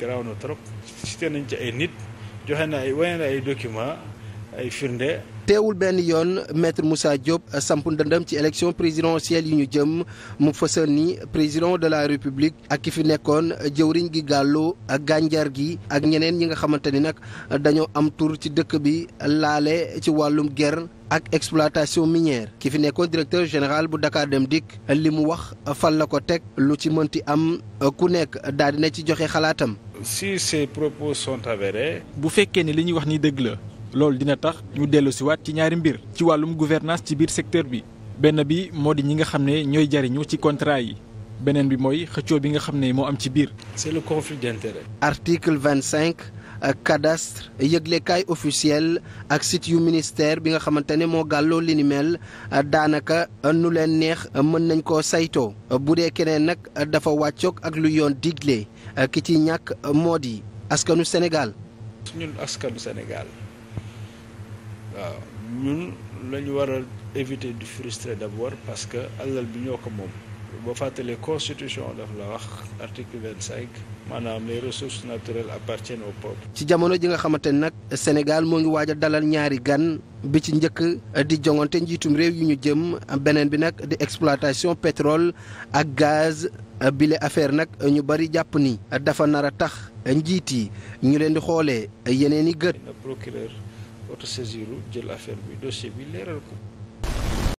garaaw trop nañ ci ay nit joxe na ay wane teewul benn yoon maître Moussa Diop samp ndëndam ci élection présidentielle yu ñu jëm mu fësal ni président de la république ak ki fi nekkoon jëwriñ gi gàllu ak gànjar gi ak ñeneen yi nga xamante ni nag dañoo am tur ci dëkk bi laale ci wàllum ger ak exploitation minière ki fi nekkoon directeur général bu Dakar Dem Dikk li mu wax fan la ko teg lu ci mënti am ku nekk daal dina ci joxe xalaatam. si ces propos sont avérés. bu fekkee ne li ñuy wax ni dëgg la loolu dina tax ñu dellu si waat ci ñaari mbir ci wàllum gouvernance ci biir secteur bi benn bi moo di ñi nga xam ne ñooy jariñu ci contrat yi beneen bi mooy xëccoo bi nga xam ne moo am ci biir. c'est le conflit d'intérêt. article vingt-cinq cadastre yëglekaay officiel ak site yu ministère bi nga xamante ne moo gàlloo li ni mel daanaka nu leen neex mën nañ koo saytoo bu dee keneen nag dafa wàccook ak lu yoon digle ki ci ñàkk moo di askanu Sénégal. ñun askanu Sénégal waaw ñun lañu waral a éviter de frustrer d'abord parce que alal bi ñoo ko moom. boo fàttalee constitution daf la wax article vingt cinq maanaam les ressources naturelles ci jamono ji nga xamante ne nag Sénégal moo ngi waaj a dalal ñaari gan bi ci njëkk di jongante njiitum réew yu ñu jëm beneen bi nag di exploitation pétrole ak gaz bile affaire nag ñu bari jàpp ni dafa nar a tax njiit yi ñu leen di xoolee yeneen i gët. na procureur autosaisiru jël affaire bi dossier bi leeral ko.